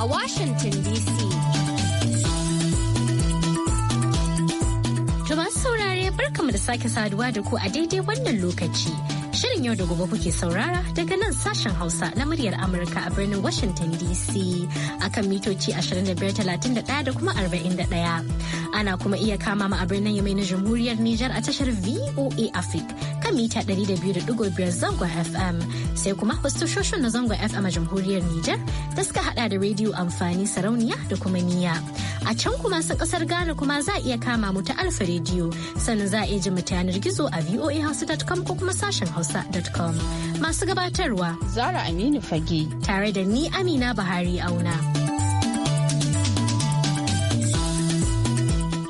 a Washington DC. masu saurare barkamu da sake saduwa da ku a daidai wannan lokaci. Shirin yau da gobe kuke saurara daga nan sashen Hausa na muryar Amurka a birnin Washington DC akan mitoci 2531 da kuma 41. Ana kuma iya kama ma a birnin Yamai na Jamhuriyar Nijar a tashar VOA Africa kan mita 200.5 zango FM sai kuma wasu na zangon FM a jamhuriyar Nijar da suka hada da rediyo amfani sarauniya da kuma niya. A can kuma sun kasar Ghana kuma za a iya kama mu ta alfa rediyo sannan za a iya ji ta yanar gizo a voahouse.com ko kuma sashen hausa.com. Masu gabatarwa Zara Aminu Fage tare da ni Amina Buhari Auna.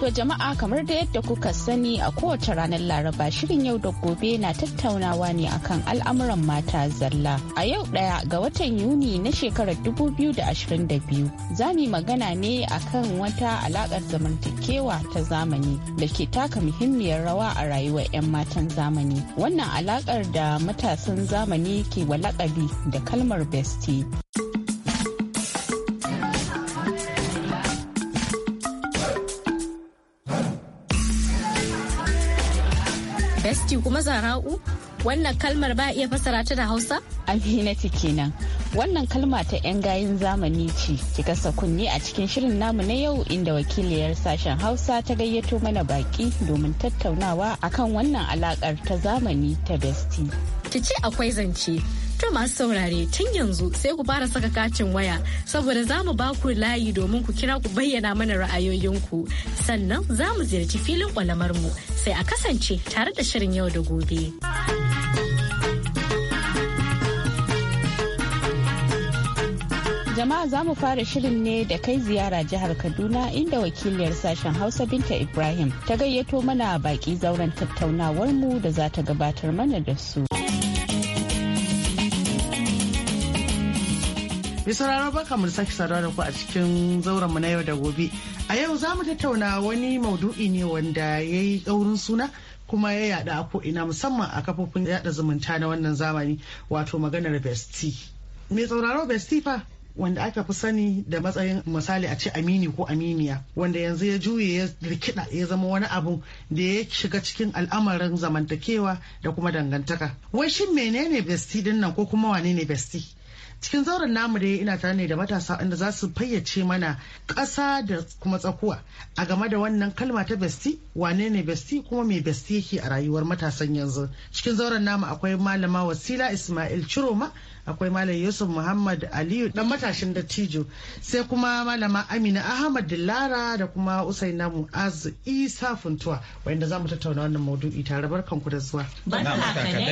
To jama'a kamar da yadda kuka sani a kowace ranar Laraba shirin yau da gobe na tattaunawa ne akan al'amuran mata zalla. A yau ɗaya ga watan Yuni na shekarar 2022 za mu magana ne akan wata alaƙar zamantakewa ta zamani da ke taka muhimmiyar rawa a rayuwar 'yan matan zamani. Wannan alaƙar da matasan zamani ke walakabi da kalmar bestie. bestie kuma zara'u wannan kalmar ba iya fasara ta da hausa aminatu kenan wannan kalma ta 'yan gayin zamani ce ki kasa kunne a cikin shirin namu na yau inda wakiliyar sashen hausa ta gayyato mana baki domin tattaunawa akan wannan alakar ta zamani ta besti. ki ce akwai zance To masu saurare tun yanzu sai ku fara saka kacin waya saboda za mu ba ku layi domin ku kira ku bayyana mana ra'ayoyinku sannan za mu ziyarci filin mu sai a kasance tare da shirin yau da gobe. jama'a za mu fara shirin ne da kai ziyara jihar kaduna inda wakiliyar sashen hausa binta ibrahim ta gayyato mana baki zauren tattaunawar mu da za ta gabatar mana da su. Mai sauraro baka mu sake saduwa da ku a cikin zauren mu na yau da gobe. A yau za mu tattauna wani maudu'i ne wanda ya yi ƙaurin suna kuma ya yada a ina musamman a kafofin yada zumunta na wannan zamani wato maganar besti. Mai sauraro besti fa wanda aka fi sani da matsayin misali a ce amini ko aminiya wanda yanzu ya juye ya rikida ya zama wani abu da ya shiga cikin al'amarin zamantakewa da kuma dangantaka wai shin menene besti din nan ko kuma wane ne besti cikin zauren namu dai ina tare ne da matasa inda za su fayyace mana ƙasa da kuma tsakuwa a game da wannan kalma ta besti wane ne besti kuma mai besti yake a rayuwar matasan yanzu cikin zauren namu akwai malama wasila ismail ciroma akwai malam yusuf muhammad aliyu dan matashin dattijo sai kuma malama amina ahmad dillara da kuma usaina az isa funtuwa wanda za mu tattauna wannan maudu'i tare barkanku da zuwa barka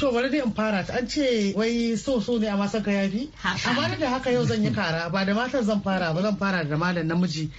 To bari dai in fara ta an ce wai so so ne a masan ka yafi? Amma da haka yau zan yi kara ba da matan zan fara ba zan fara da malam namiji.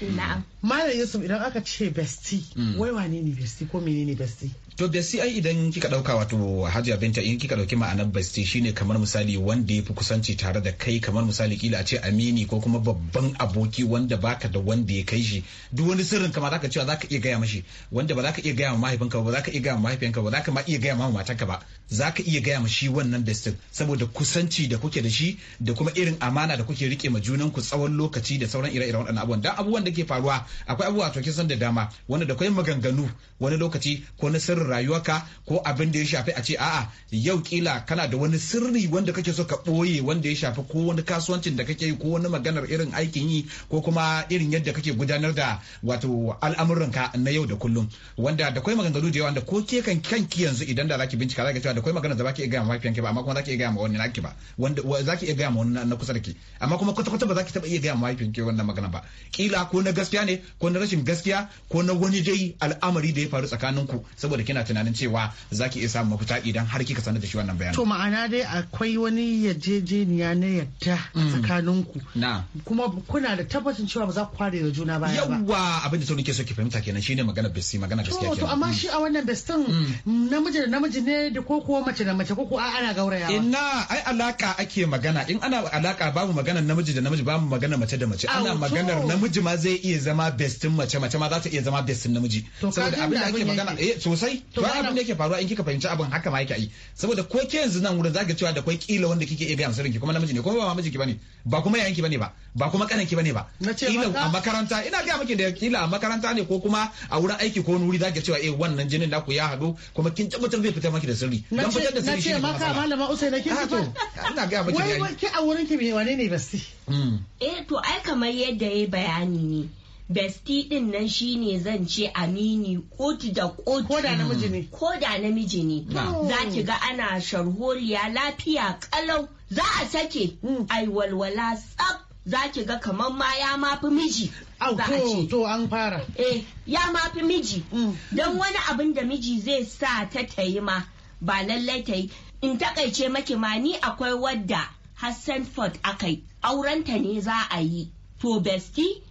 Malam Yusuf idan aka ce besti mm. wai wane ne besti ko menene besti? To besti ai idan kika dauka wato Hajiya Binta in kika dauki ma'anar besti shine kamar misali wanda ya fi kusanci tare da kai kamar misali kila a ce amini ko kuma babban aboki wanda baka da wanda ya kai shi duk wani sirrin kamar zaka cewa zaka iya gaya mishi wanda ba zaka iya gaya ma mahaifinka ba zaka iya gaya ma mahaifinka ba zaka ma iya gaya ma matarka ba zaka iya gaya mishi wannan bestin saboda kusanci da kuke da shi da kuma irin amana da kuke rike ma junan ku tsawon lokaci da sauran ire-iren waɗannan abubuwan dan abubuwan da ke faruwa akwai abubuwa to kin san da dama wanda da kai maganganu wani lokaci ko na sirrin rayuwarka ko abin da ya shafi a ce a'a yau kila kana da wani sirri wanda kake so ka ɓoye wanda ya shafi ko wani kasuwancin da kake yi ko wani maganar irin aikin yi ko kuma irin yadda kake gudanar da wato al'amuranka na yau da kullum wanda da kai maganganu da yawa wanda ko ke kan kanki yanzu idan da zaki bincika zaki cewa da kai maganar da zaki iya gaya ma mafiyanki ba amma kuma zaki iya gaya ma wani naki ba wanda zaki iya gaya ma wani na kusa da ke amma kuma kwata kwata ba zaki taba iya gaya ma mafiyanki wannan magana ba kila ko na gaskiya ne ko na rashin gaskiya ko na wani dai al'amari da ya faru tsakaninku saboda kina tunanin cewa za ki iya samun mafita idan har kika sanar da shi wannan bayanin. To ma'ana dai akwai wani yarjejeniya na yadda a mm. tsakaninku. Na. Kuma kuna da tabbacin cewa ba za ku kware da juna baya ba. Yawwa abin da sauri ke so ki fahimta kenan shine magana bisi magana gaskiya kenan. To amma shi a wannan bestin mm. namiji da namiji ne da ko kuwa mace da mace ko ko ana gaurayawa. Ina ai alaka ake magana in ana alaka babu maganar namiji da namiji babu maganar mace da mace ana maganar namiji ma zai iya zama bestin mace mace ma za ta iya zama bestin namiji. To saboda abin da ake magana eh, sosai to abin da yake faruwa in kika fahimci abin haka ma yake yi saboda ko ke yanzu nan wurin zaka cewa da kwai kila wanda kike iya a sirrinki kuma namiji ne kuma ba mamiji ki bane ba kuma yayin ki bane ba ba kuma kanan ki bane ba kila a makaranta ina ga miki da kila a makaranta ne ko kuma a wurin aiki ko wuri zaka cewa eh wannan jinin da ku ya hado kuma kin tabbatar zai fita maki da sirri dan fitar da sirri shi ne maka malama na kin fito ina ga miki wai ki a wurin ki wane ne basti hmm. eh to ai kamar yadda yayi bayani ne besti din nan shine zan ce amini kotu da kotu ko da namiji ne ko da namiji ne za ki ga ana sharholiya lafiya kalau za a sake hmm. ai walwala tsab za ki ga kamar ma ya mafi miji za to an fara eh ya mafi miji hmm. don wani abin da miji zai sa ta tayi ma ba lallai ta yi in takaice maki ma ni akwai wadda Hassan a akai aurenta ne za a yi to besti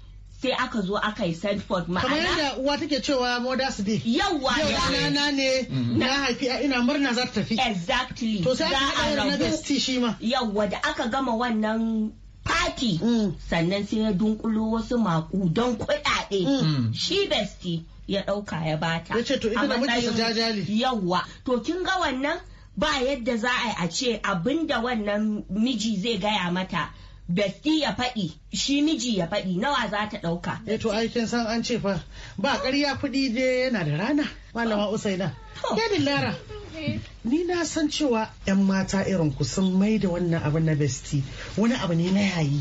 sai aka zo aka yi Sanford ma'ana. Kamar yadda uwa take cewa Mother's Day. Yawwa ya. Yau na ne mm-hmm. na haifi ina murna za ta tafi. Exactly. To sai aka haɗa na besti shi ma. Yawwa da aka gama wannan party. Mm. Sannan sai ya dunkulo wasu makudan kuɗaɗe. Mm. Shi besti ya ɗauka ya bata. Ya ce to ita da mijinsa jajali. Yawwa to kin ga wannan ba yadda za a yi a ce abinda wannan miji zai gaya mata besti ya faɗi shi miji ya faɗi nawa za ta ɗauka. E to aikin san an ce fa ba ƙarya kuɗi je yana da rana malama usaina. Yadin lara. Ni na san cewa 'yan mata irin ku sun mai da wannan abin na besti wani abu ne na yayi.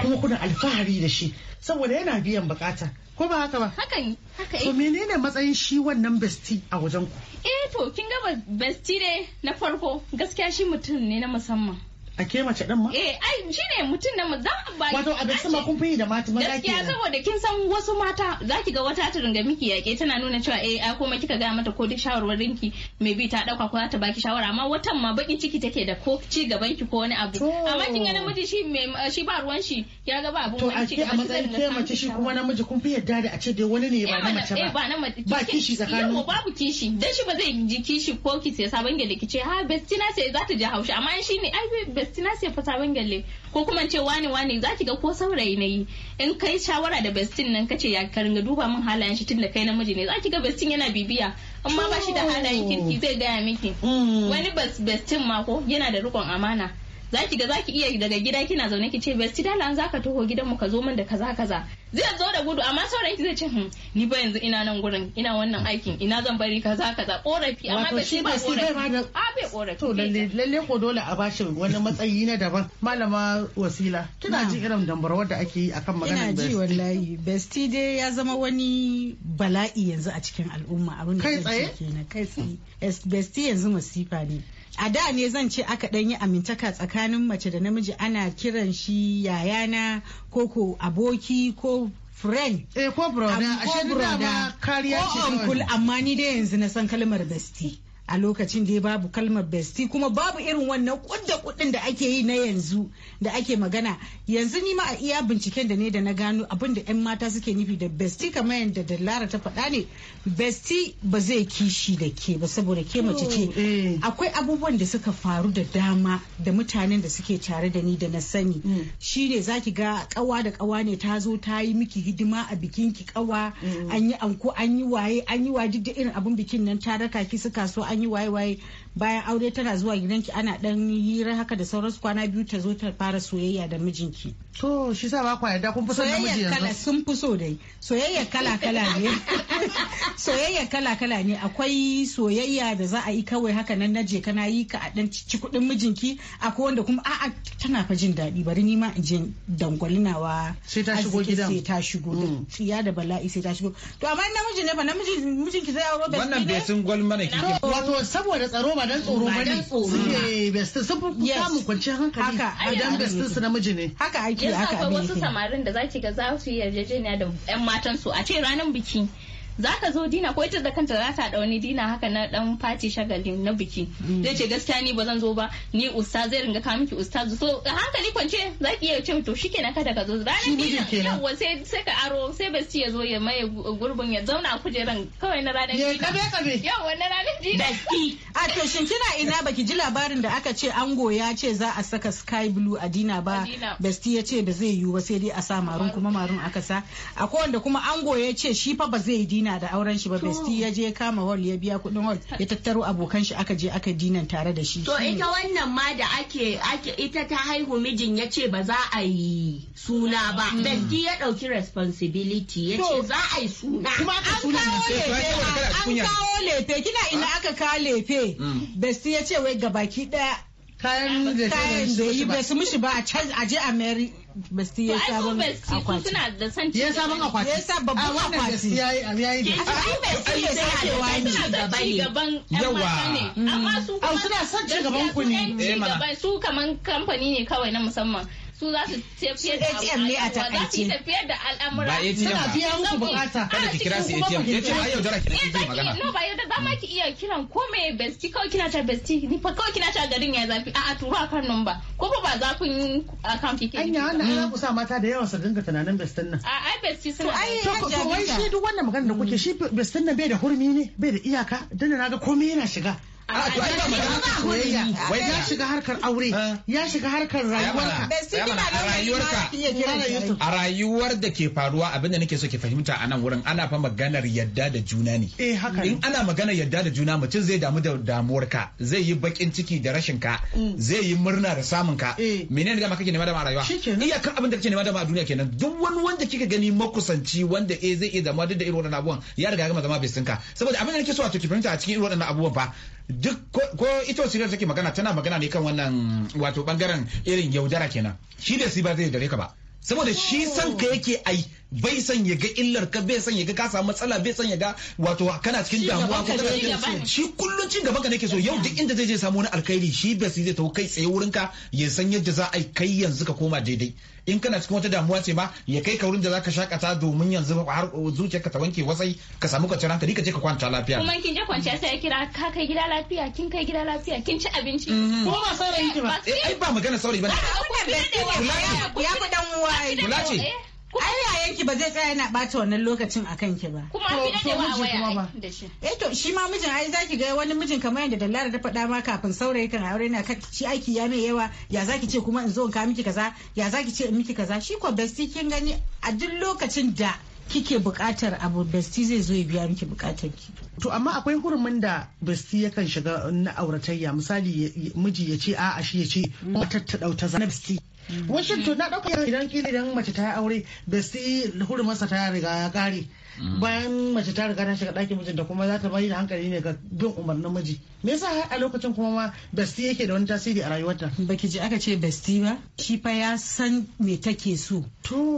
Kuma kuna alfahari da shi saboda yana biyan bukata. Ko ba haka ba? Haka yi. Haka yi. To menene matsayin shi wannan besti a wajen ku? Eh to kin ga besti ne na farko gaskiya shi mutum ne na musamman. a ke mace din ma eh ai shine mutum na mu zan ba wato a sama kun fi da mata maza gaskiya saboda kin san wasu mata za ki ga wata ta ringa miki yake tana nuna cewa eh a kuma kika ga mata ko duk shawarwarin ki mai bi ta dauka ko za ta baki shawara amma watan ma bakin ciki take da ko ci gaban ki ko wani abu amma kin ga namiji shi shi ba ruwan shi ya ga ba abun wani ci a ki ke mace shi kuma namiji kun fi yadda da a ce dai wani ne ba eh, na mace ba eh, ba kishi tsakanin babu kishi dan shi ba zai ji kishi ko ki sai sabon gele kice ha bestina sai za ta ji haushi amma shi ne ai bestina sai fa sabon gyalle ko kuma ce wane wane za ki ga ko saurayi na yi in kai shawara da bestin nan kace ya ka ringa duba min halayen shi tun da kai namiji ne za ki ga bestin yana bibiya amma ba shi da halayen kirki zai gaya miki mm. wani bestin ma ko yana da rikon amana za ki ga za ki iya daga gida kina zaune ki ce besti dala za zaka taho gidanmu ka zo min da kaza kaza zai zo da gudu amma sauran ki zai ce hmm, ni ba yanzu ina nan gurin ina wannan aikin ina zan bari kaza kaza korafi amma ba shi ba korafi a bai korafi to lalle lalle ko dole a bashi wani matsayi na daban malama wasila kina ji irin dambarwar da ake yi akan maganar ina ji wallahi besti dai ya zama wani bala'i yanzu a cikin al'umma abin da kai tsaye kai tsaye besti yanzu masifa ne a da ne zan ce aka ɗanyi amintaka tsakanin mace da namiji ana kiran shi yayana ko ko aboki ko friend eh ko broda ko broda kariya ce ko uncle amma ni dai yanzu na san kalmar bestie a lokacin da ya babu kalmar besti kuma babu irin wannan kudda kudin da ake yi na yanzu da ake magana yanzu ni ma a iya binciken da ne da na gano abin da 'yan mata suke nufi da besti kamar yadda da lara ta faɗa ne besti ba zai kishi da ke ba saboda ke mace ce oh, eh. akwai abubuwan da suka faru da dama da mutanen da suke tare da ni da na sani mm. shine ne zaki ga kawa da kawa ne ta zo ta yi miki hidima a bikin ki kawa mm. an yi anko an yi waye an yi wa duk irin abin bikin nan ta raka ki suka so an 你歪歪。bayan aure tana zuwa gidanki ana dan hira haka da sauransu kwana biyu ta zo ta fara soyayya da mijinki. To shi sa ba ku yarda kun fi son namiji yanzu. kala sun fi so dai. Soyayya kala kala ne. soyayya kala kala ne akwai soyayya da za a yi kawai haka nan na je kana yi ka a dan ci kudin mijinki akwai wanda kuma a'a tana fa jin daɗi bari ni ma in je dangwalinawa. Sai ta shigo gidan. Sai ta shigo. Mm. Ya da bala'i sai ta shigo. To amma namiji ne ba namiji mijinki zai aure. da Wannan bai sun gwal mana kike. Wato saboda tsaro ba ba dan tsoro bane suke bestin sun fi samun kwanciyar hankali a dan bestin su namiji ne haka ake haka abin yake wasu samarin da zaki ga za su yarjejeniya da yan matan su a ce ranar biki za ka zo dina ko ita da kanta za ta da wani dina haka na dan fati shagali na biki mm. zai ce gaskiya ni ba zan zo ba ni usta zai ringa ka miki usta so a hankali kwance za ki iya ce to shikenan kada ka zo ranar dina yawa sai sai ka aro sai basti ya zo ya maye gurbin ya zauna a kujeran kawai na ranar dina kabe kabe yawa na ranar dina a to shin kina ina baki ji labarin da aka ce ango ya ce za a saka sky blue a dina ba Besti ya ce ba zai yiwu ba sai dai a sa marun kuma marun aka sa akwai wanda kuma ango ya ce shi fa ba zai dina dina da auren shi ba besti ya je kama hall ya biya kuɗin hall ya tattaro abokan shi aka je aka dinan tare da shi to ita wannan ma da ake ita ta haihu mijin ya ce ba za a yi suna ba mm. besti ya ɗauki responsibility ya ce za a yi suna kuma aka suna an kawo lefe kina ina ah. aka kawo lefe mm. besti ya ce wai gabaki ɗaya kayan da bai su mushi ba a je a mary besti ya sabon akwati suna da san ya sabon akwati ya babban ya yi yi besti ya wani suna gaban mm-hmm. ku eh, su kaman kamfani ne kawai na musamman su za su tafiyar da ATM ne a takaice za su tafiyar da al'amura suna biya muku bukata kada ki kira su ATM yace ai yau dara ki nake eh, magana no ba yau da ki iya kiran ko me besti kawai kina ta besti ni fa kawai kina ta garin ya zafi a'a turu akan number ko ba za ku zafin account kike anya wannan ana kusa mata da yawa su dinga tunanin bestin nan a ai besti suna to ai wai shi duk wannan magana da kuke shi bestin nan bai da hurmi ne bai da iyaka dan na ga komai yana shiga wai ya shiga harkar aure ya shiga harkar rayuwarka a rayuwar da ke faruwa abin da nake so ke fahimta a nan wurin ana fa maganar yadda da juna ne eh, in ana magana yadda da juna mutum zai damu da damuwarka zai yi bakin ciki da rashin ka mm. zai yi murna da samun ka eh. menene dama kake nema dama a rayuwa iyakar abin da kake nema dama a duniya kenan duk wani wanda kika gani makusanci wanda eh zai iya damuwa duk da irin wannan abubuwan ya riga ya gama zama bai sinka saboda abin da nake so a to fahimta a cikin irin wannan abubuwan fa duk ko ito siriyar take magana tana magana ne kan wannan wato bangaren irin yaudara kenan shi da si ba zai dare ka ba saboda shi san ka yake ai bai san ya ga illar ka bai san ya ga ka samu matsala bai san ya ga wato kana cikin damuwa ko kana cikin shi kullun cin gaban ka nake so yau duk inda zai je samu wani alkhairi shi ba zai tawo kai tsaye wurin ka ya san yadda za a kai yanzu ka koma daidai in kana cikin wata damuwa ce ma ya kai ka wurin da zaka shakata domin yanzu har zuciyarka ta wanke wasai ka samu kwanciyar hankali ka je ka kwanta lafiya kuma kin je kwanciya sai ya kira ka kai gida lafiya kin kai gida lafiya kin ci abinci ko ba saurayi ki ba ai ba magana saurayi ba ne ya fi dan uwa kula ai yanki ba zai tsaya yana bata wannan lokacin a kan ki ba. Kuma an fi dadewa a waya da shi. Eh to shi ma mijin ai zaki ga wani mijin kamar yadda Dallara ta faɗa ma kafin saurayi kan aure na kan shi aiki ya mai yawa ya zaki ce kuma in zo in ka miki kaza ya zaki ce in miki kaza shi ko besti kin gani a duk lokacin da kike bukatar abu besti zai zo ya biya miki bukatar ki to amma akwai hurumin da besti yakan shiga na auratayya misali miji ya ce a'a shi ya ce matar ta dauta zana besti wancan to na dauka idan kila idan mace ta aure besti hurumarsa ta riga ya kare Mm. bayan mace ta riga ta shiga ɗakin mijinta kuma za ta bayi da hankali ne ga bin umarnin miji me yasa har a lokacin kuma ma besti yake da wani tasiri a rayuwarta baki ji aka ce besti ba shi fa ya san me take so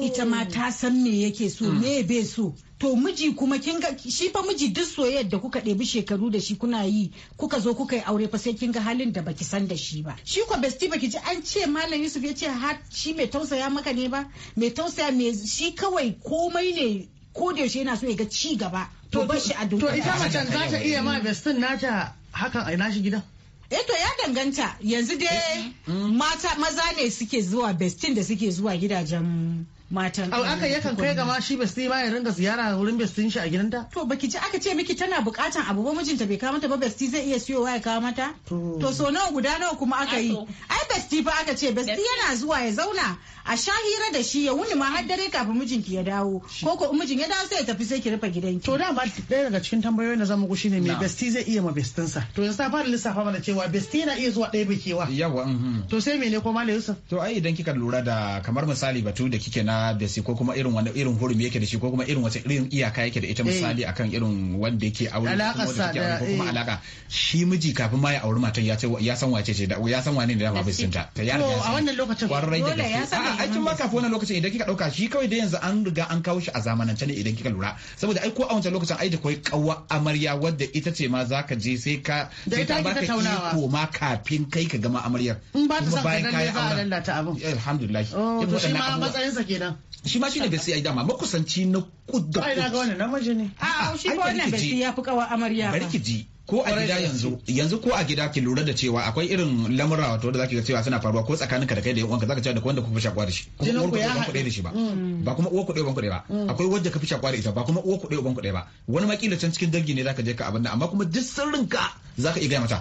ita ma ta san me yake so mm. me bai so to miji kuma kin ga shi fa miji duk soyayyar da kuka ɗebi shekaru da shi kuna yi kuka zo kuka yi aure fa sai kin ga halin da baki san da shi ba shi ko besti baki ji an ce malam Yusuf ya ce har shi mai tausaya maka ne ba mai tausaya mai shi kawai komai ne ko da yaushe yana so ya ga ci gaba to bar shi a duka to ita macen za ta iya ma vestin nata hakan a nashi gidan Eh to ya danganta yanzu dai mm-hmm. mata maza ne suke zuwa bestin da suke zuwa gidajen matan. Au aka yakan kai ga ma shi besti ma ya ringa ziyara wurin bestin shi a gidanta? To baki ji aka ce miki tana bukatan abu ba mijinta bai kawo mata ba besti zai iya siyowa ya kawo mata? To so nawa guda nawa kuma aka yi. Ai besti fa aka ce besti yana zuwa ya zauna a sha hira da shi ya wuni ma har dare kafin mijinki ya dawo ko ko mijin ya dawo sai ya tafi sai ki rufe ki to ba ɗaya daga cikin tambayoyin da zan ku shine me besti zai iya ma bestinsa to yanzu ta fara lissafa mana cewa besti na iya zuwa ɗaya bikewa yawa mhm. to sai mene ko malam yusuf to ai idan kika lura da kamar misali batu da kike na besti ko kuma irin wani irin hurumi yake da shi ko kuma irin wace irin iyaka yake da ita eh. misali akan irin wanda yake aure ko kuma eh. alaka shi miji kafin ma ya auri matan ya san wace ce ya san wane ne da ba bestinta ta ya a wannan lokacin kwarai da aikin ma kafin wannan lokacin idan kika dauka shi kawai da yanzu an riga an kawo shi a zamanance ne idan kika lura saboda ai ko a wancan lokacin ai da kai kawwa amarya wadda ita ce ma zaka je sai ka sai ta baka iko ma kafin kai ka gama amaryar in ba ta san ka dalle za a lallata abun eh, alhamdulillah oh, to shi ma matsayin sa kenan shi ma shi ne basi ai dama makusanci na kudda ai na ga wannan namiji ne a shi ko wannan sai ya fi kawa amarya bari ki ji ko a gida yanzu yanzu ko a gida ki lura da cewa akwai irin lamura wato da zaki ga cewa suna faruwa ko tsakaninka da kai da yan'uwanka zaka cewa da wanda kuka shakwa da shi kuma uwar kuɗe kuɗe da shi ba mm. ba kuma uwar kuɗe uban kuɗe ba mm. akwai wanda ka fi shakwa da ita ba kuma uwar kuɗe uban kuɗe ba wani makila can cikin dangi ne zaka je ka abin amma kuma duk sirrinka za ka iya gaya mata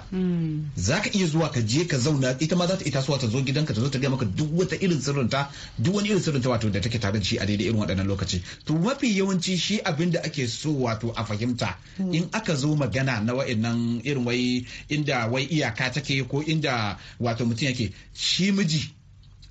za ka iya zuwa ka je ka zauna ita ma za ta ita suwa ta zo gidanka ta zo ta gaya maka duk wata irin sirrinta duk wani irin sirrinta wato da take tare da shi a daidai irin waɗannan lokaci to mafi yawanci shi abin da ake so wato a fahimta in aka zo magana na wa'annan irin wai inda wai iyaka take ko inda wato mutum yake shi miji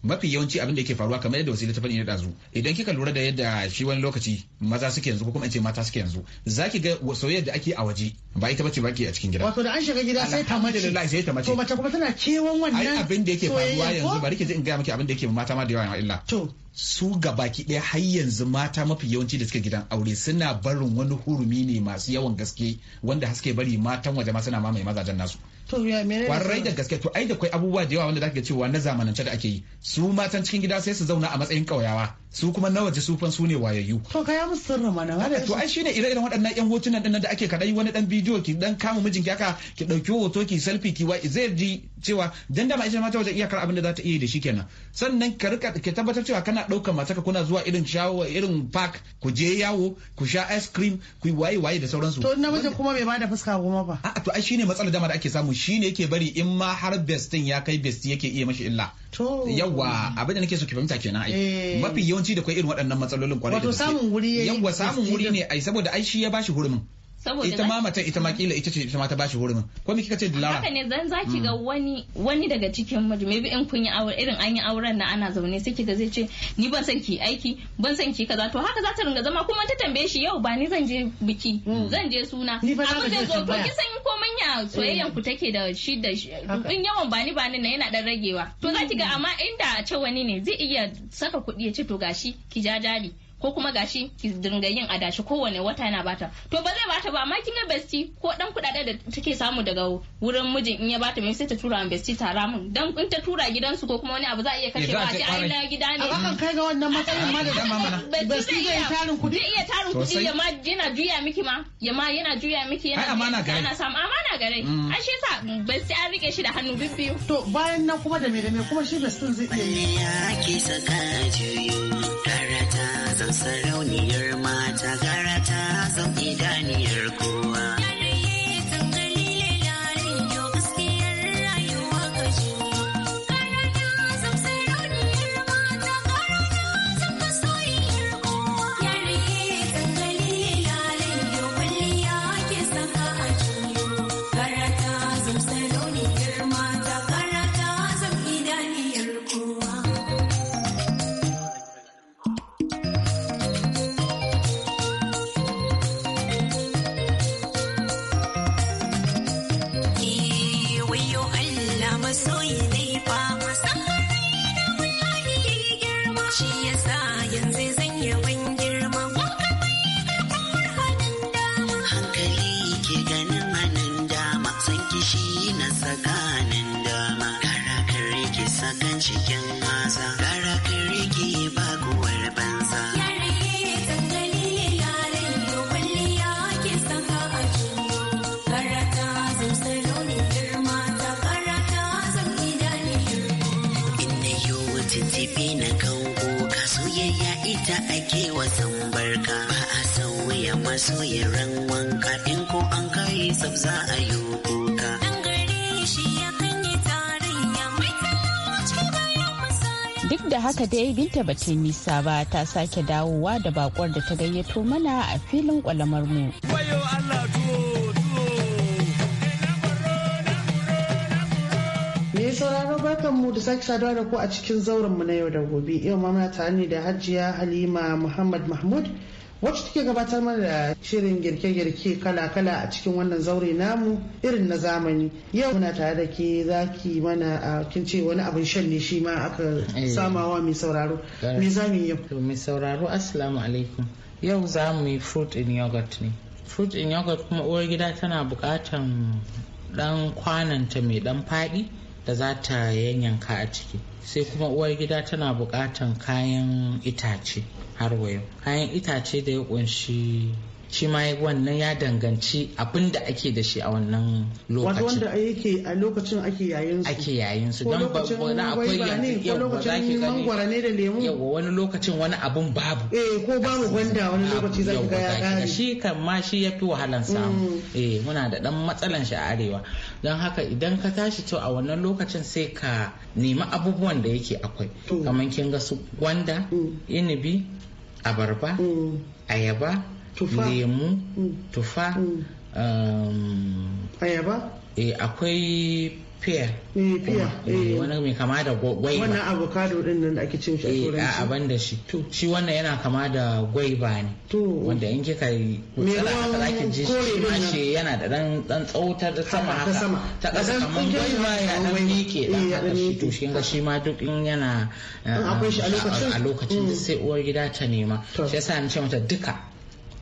mafi yawanci abin da yake faruwa kamar yadda wasila ta faɗi da ɗazu idan kika lura da yadda shi wani lokaci maza suke yanzu ko kuma in ce mata suke yanzu zaki ga soyayyar da ake a waje ba ita bace baki a cikin gida wato da an shiga gida sai ta mace sai ta mace to mace kuma tana kewan wannan ai abin da yake faruwa yanzu bari ki ji in ga miki abin da yake mata ma da yawa illa to su gabaki ɗaya har yanzu mata mafi yawanci da suke gidan aure suna barin wani hurumi ne masu yawan gaske wanda haske bari matan waje ma suna mamaye mazajen nasu kwarai da gaske to ai da kwai abubuwa da yawa wanda zaka wa na zamanance da ake yi su matan cikin gida sai su zauna a matsayin kauyawa su kuma na waje su su ne wayayyu to ga ya musu sirri mana to ai shine ire-iren waɗannan ƴan hotunan din da ake kadai wani dan bidiyo ki dan kama mijinki aka ki dauki hoto ki selfie ki wa zai ji cewa dan ma ita mata wajen iyakar abin da za ta iya da shi kenan sannan ka rika ki tabbatar cewa kana daukar mataka kuna zuwa irin shawo irin park ku je yawo ku sha ice cream ku waye waye da sauransu to na waje kuma bai bada fuska goma ba a to ai shine matsalar dama da ake samu shi ne yake bari in ma har best ya kai best yake iya mashi illa yawa abin da nake so ki fahimta kenan ai eh. mafi yawanci da kai irin waɗannan matsalolin kwarai da gaske yawa samun wuri ne ai saboda ai shi ya bashi hurumin saboda ita ma mata ita ma kila ita ce ita ma ta bashi hurumin ko me kika ce dilara haka ne zan zaki ga hmm. wani wani daga cikin miji maybe in kun yi aure irin an yi auren na ana zaune sai kiga zai ce ni ban san ki aiki ban san ki kaza to haka za ta ringa zama kuma ta tambaye shi yau ba ni zan je biki hmm. zan je suna abin zai zo to ki san komai ya soyayyan ku take da shi da shi in yawan bani bani na yana dan ragewa to za ki ga hmm. amma inda a ce wani ne zai iya saka kuɗi ya ce to gashi ki ja jali ko kuma gashi ki dinga yin adashi kowane wata na bata to ba zai bata ba amma kin ga besti ko dan kudaden da take samu daga wurin mijin in ya bata me sai ta tura min besti tara mun dan in ta tura gidansu ko kuma wani abu za a iya kashe ba a ce ai na gida ne amma kai ga wannan matsayin ma da dama mana besti zai tarin kudi zai iya tarin kudi ya ma yana juya miki ma ya ma yana juya miki yana amana gare ana samu amana gare mm. a shi sa besti an rike shi da hannu bibbiyu to bayan nan kuma da me da me kuma shi bestin zai iya yi zan sarauniyar mata gara ta zan idaniyar kowa kewa san barka ba a sauya masoyin wanka in ko an kai sab za a yi kuka. Duk da haka dai Binta ba ta nisa ba ta sake dawowa da bakwar da ta gayyato mana a filin kwalamar mu. Bayo Allah tuwo. sauraro barkanmu da sake saduwa da ku a cikin zauren na yau da gobe. Yau ma muna tare ne da Hajiya Halima Muhammad Mahmud wacce take gabatar mana da shirin girke-girke kala-kala a cikin wannan zaure namu irin na zamani. Yau muna tare da ke zaki mana a kin ce wani abin shan ne shi ma aka eh. samawa mai sauraro. Eh. Me za mu yau? Mai sauraro Assalamu alaikum. Yau za mu yi fruit in yogurt ne. Fruit in yogurt kuma uwar gida tana bukatan dan kwananta mai dan faɗi. da za ta yanyanka a ciki sai kuma uwar gida tana bukatan kayan itace har wayo kayan itace da ya ƙunshi shi ma wannan ya danganci abin da ake da shi a wannan lokacin wanda yake a lokacin ake yayin su ake yayin su don ba wani akwai yanzu yau ba za ki mangwara ne da lemu yawa wani lokacin wani abun babu eh ko babu gwanda wani lokaci za ki ga ya kare shi kan ma shi ya fi wahalan mm. samu eh muna da dan matsalan shi a arewa don haka idan ka tashi to a wannan lokacin sai ka nemi abubuwan da yake akwai mm. kamar kin ga su gwanda mm. inibi abarba ayaba lemu mm. tufa mm. Um, ayaba eh, akwai pear eh, eh, wani mai kama da gwaiba wannan avocado din nan da ake cin shi a turanci a ban da shi to shi wannan yana kama da gwaiba ne to wanda in kika yi kutsala haka zaki ji shi ma shi yana da dan dan tsautar da sama haka ta kasa kaman gwaiba ya dan miƙe dan haka shi to shi ga shi ma duk in yana akwai shi a um, lokacin a lokacin mm. sai uwar gida ta nema shi yasa an ce mata duka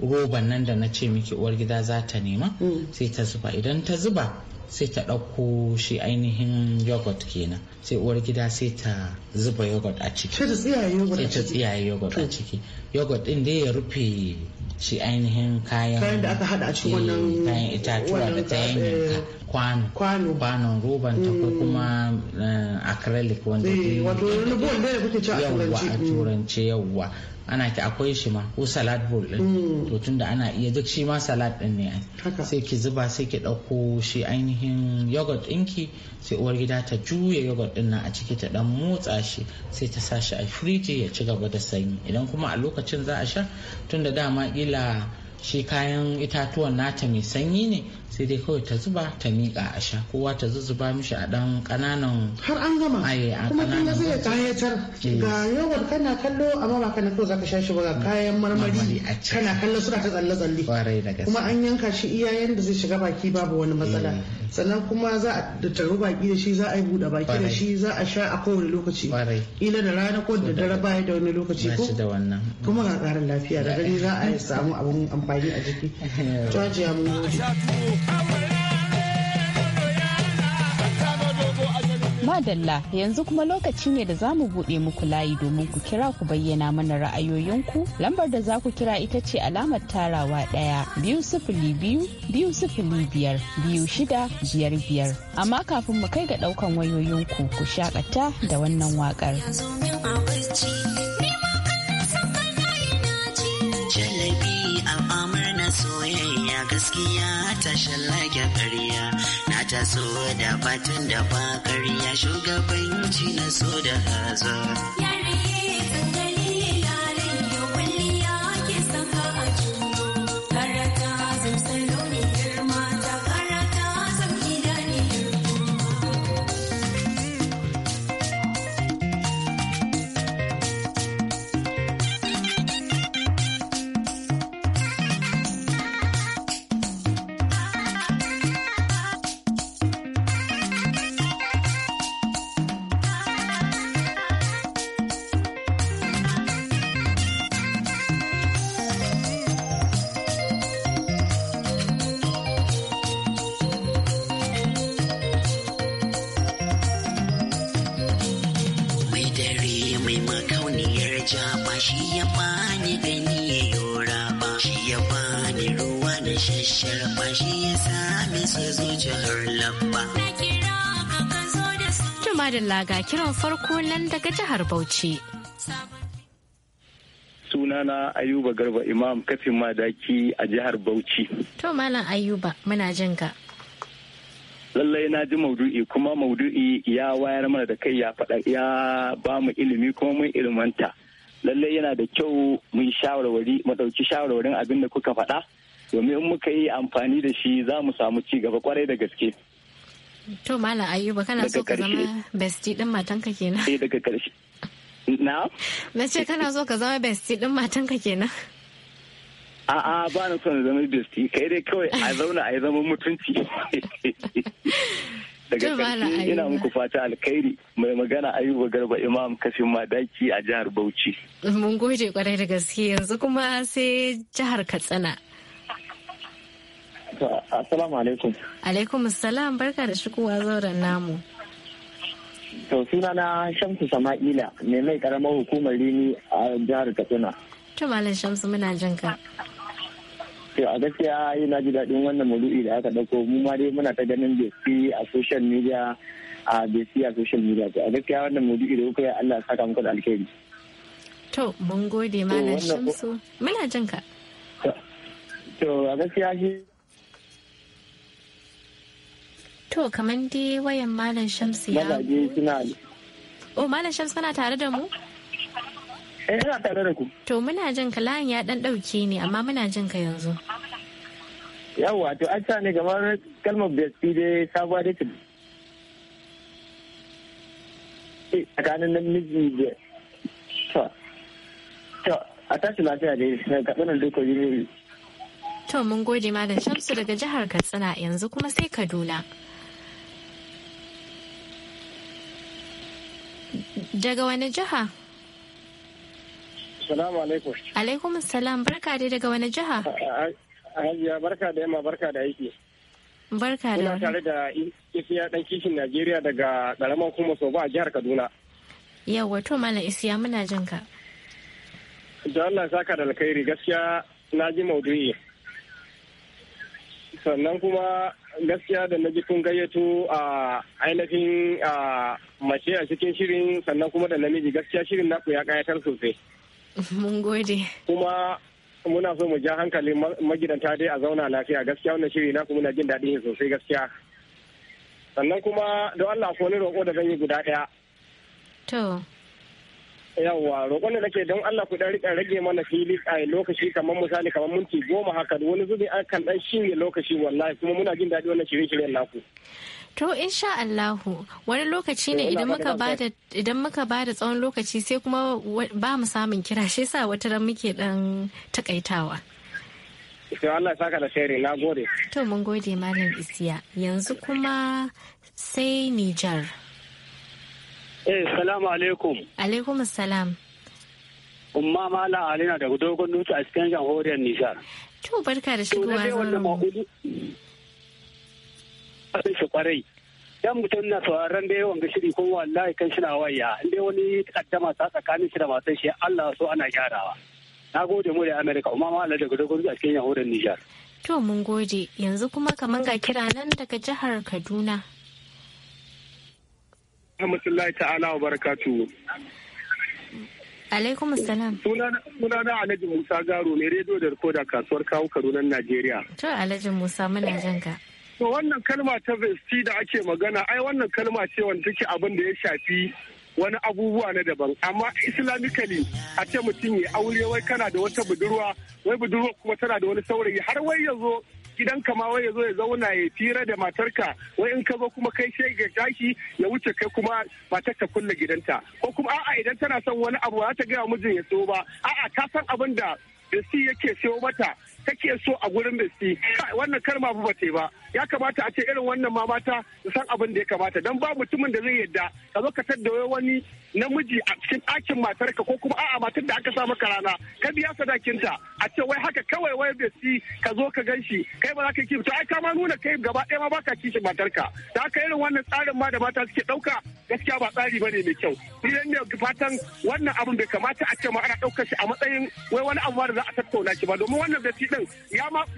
roban nan da na ce miki uwar gida za ta nema mm. sai ta zuba idan ta zuba sai ta ɗauko shi ainihin yogurt kenan sai uwar gida sai ta zuba yogurt a ciki sai ta tsiyaye yogurt a ciki yogurt din dai ya rufe shi ainihin kayan kayan da aka hada a cikin wannan kayan itatuwa da ta yanyanka eh, kwano banon roban ta ko mm. kuma eh, acrylic wanda eh, wato wani bol da kuke ci yawwa a turanci mm. yawwa ana ki akwai shi ma ko salad bowl din mm. to tunda ana iya duk shi ma salad din ne sai ki zuba sai ki dauko shi ainihin yogurt ɗinki sai uwar gida ta juya yogurt din nan a ciki ta dan motsa shi sai ta sa shi a firiji ya ci gaba da sanyi idan kuma a lokacin za a sha tunda dama kila shi kayan itatuwan nata mai sanyi ne sai dai kawai ta zuba ta miƙa a sha kowa ta zuzzuba mishi a ɗan ƙananan har an gama kuma kin ga zai kayatar eh. ga yawan kana kallo amma ba kana kawai zaka sha shi ba ga kayan marmari kana kallo suna ta tsalle tsalle kuma an yanka shi iya yanda zai shiga baki babu wani matsala eh. sannan kuma za a taru baki da shi za a yi buɗe baki da shi za a sha a kowane lokaci ila da rana ko da dare baya da wani lokaci ko kuma ga ƙarin lafiya da gani za a samu abun amfani a jiki. Jajiya mun madalla yanzu kuma lokaci ne da za mu buɗe muku layi domin ku kira ku bayyana mana ra'ayoyinku lambar da za ku kira ita ce alamar tarawa ɗaya biyu sifili biyu biyu sifili biyar biyu shida biyar biyar amma kafin mu kai ga ɗaukan wayoyinku ku shakata da wannan waƙar. Jalabi soyayya gaskiya ta shallake ƙarya na taso da fatan da ba ƙarya shugabanci na so da hazo. lamba. da laga kiran farko nan daga jihar Bauchi. Sunana Ayuba Garba Imam kafin madaki a jihar Bauchi. To Malam Ayuba muna jin ka. lallai na ji maudu'i kuma maudu'i ya wayar mana da kai ya faɗa ya ba mu ilimi kuma mun ilmanta lallai yana da kyau mun shawarwari mu ɗauki shawarwarin abin da kuka faɗa domin muka yi amfani da shi za mu samu ci gaba kwarai da gaske to mala ayuba kana so ka zama besti din matanka kenan eh daga karshe na na ce kana so ka zama besti din matanka kenan A'a ba na son zama besti. kai dai kawai a zauna a yi zaman mutunci daga karshe ina muku fata alkhairi mai magana ayuba garba imam kafin madaki a jihar bauchi mun gode kwarai da gaske yanzu kuma sai jihar katsina Assalamu alaikum. Alaikum assalam barka da shukuwa zauren namu. To suna na Shamsu Sama'ila ne mai karamar hukumar Rini a jihar Katsina. To Malam Shamsu muna jin ka. To a gaskiya yana ji daɗin wannan mulu'i da aka ɗauko mu ma dai muna ta ganin besi a social media a besi a social media. To a gaskiya wannan mulu'i da kuka yi Allah ya saka muku da alkhairi. To mun gode Malam Shamsu muna jin ka. To a gaskiya shi To kamar dai wayan Malam Shamsu ya. Oh Malam Shamsu kana tare da mu? Eh ina tare da ku. To muna jin ka layin ya dan dauke ne amma muna jin ka yanzu. Yawwa to an ne kamar kalmar besti dai sabuwa da ke. Eh, a kanin nan miji da to to a tashi lafiya da na kaɗanar duka yi to mun gode malam shamsu daga jihar katsina yanzu kuma sai kaduna Daga wani jiha? Salamu alaikum. Alaikum salam barka dai daga wani jiha? Hajiya barka da yamma barka da aiki. Barka da tare da isiya dan kishin Najeriya daga karamar kuma so ba a jihar Kaduna. Yau to malam isiya muna jin ka. Da Allah saka da alkhairi gaskiya na ji maudu'i. Sannan kuma gaskiya da na ji kun gayyato a ainihin mace a cikin shirin sannan kuma da namiji gaskiya shirin na ya kayatar sosai. Mun gode. Kuma muna so mu ja hankalin magidanta dai a zauna lafiya gaskiya wannan shiri kuma muna jin daɗin sosai gaskiya. Sannan kuma don Allah ko ni roƙo da zan yi guda ɗaya. To. yawa roƙon da nake don Allah ku dan rika rage mana fili a lokaci kamar misali kamar minti goma haka wani zubi akan dan shirye lokaci wallahi kuma muna jin daɗi wannan shirye-shiryen naku. To insha Allahu wani lokaci ne eh, idan muka bada idan muka bada tsawon lokaci sai kuma ba mu samun kira shi yasa wata ran muke dan takaitawa. Sai Allah saka da shari na gode. To mun gode Malam Isiya yanzu kuma sai Nijar. Eh, salamu alaikum. Alaikum salam. Umma Malam Alina daga dogon dutse a cikin horiyar Nishar. To barka da shigowa zauren. Abin shi kwarai. Yan mutum na sauraron da yawan gashiri ko wallahi kan shi na waya. Inda wani takaddama ta tsakanin shi da matan shi Allah so ana gyarawa. Na gode mu da Amerika umma Malam daga dogon dutse a cikin horiyar Nishar. To mun gode yanzu kuma kamar ga kira nan daga jihar Kaduna. rahmatullahi ta'ala wa barakatu. Alaikum salam. Sunana Alhaji Musa Garo ne rediyo da rikoda kasuwar kawo Kaduna Najeriya. To Alhaji Musa muna jan ka. To wannan kalma ta vesti da ake magana ai wannan kalma ce wanda take abin da ya shafi wani abubuwa na daban amma islamically a ce mutum ya aure wai kana da wata budurwa wai budurwa kuma tana da wani saurayi har wai ya zo ka ma wai ya zo ya zauna ya tira da matarka wai in ka zo kuma kai sai ga gashi ya wuce kai kuma matar ta kulle gidanta ko kuma a'a idan tana son wani abu za ta gaya mijin ya so ba a'a ta san abin da da si yake siyo mata take so a gurin da si wannan karma ba ba ba ya kamata a ce irin wannan ma mata da san abin da ya kamata don ba mutumin da zai yadda ka zo ka tadda wani namiji a cikin ɗakin matarka ko kuma a'a matar da aka sa maka rana ka biya sadakinta a ce wai haka kawai wai da si ka zo ka shi kai ba za ka kishi to ai ka nuna kai gaba ɗaya ma ba ka kishi matarka da haka irin wannan tsarin ma da mata suke ɗauka gaskiya ba tsari ba ne mai kyau idan dan ne fatan wannan abin bai kamata a ce ma ana ɗaukar shi a matsayin wai wani abu da za a tattauna shi ba domin wannan zati ɗin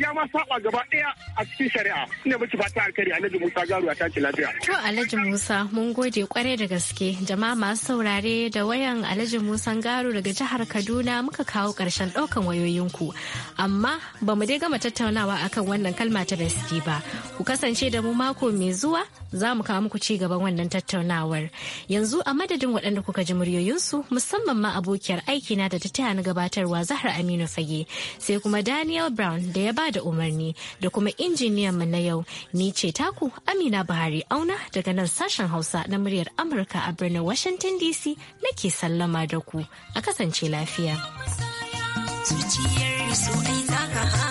ya ma saba gaba ɗaya a cikin shari'a ina miki fata alkhairi Alhaji Musa Garu a tashi lafiya. To Alhaji Musa mun gode kwarai da gaske jama'a masu saurare da wayan Alhaji Musa Garu daga jihar Kaduna muka kawo karshen daukan wayoyinku amma ba mu dai gama tattaunawa akan wannan kalma ta besti ba ku kasance da mu mako mai zuwa za mu kawo muku ci gaban wannan tattaunawar yanzu a madadin waɗanda kuka ji muryoyinsu musamman ma abokiyar aiki na da ta taya ni gabatarwa Zahra Aminu Fage sai kuma Daniel Brown da ya ba da umarni da kuma injiniyan mu na yau yau ni ce taku Amina Buhari Auna daga nan sashen Hausa na muryar Amurka a birnin Washington DC nake sallama da ku a kasance lafiya. Zuciyar so ai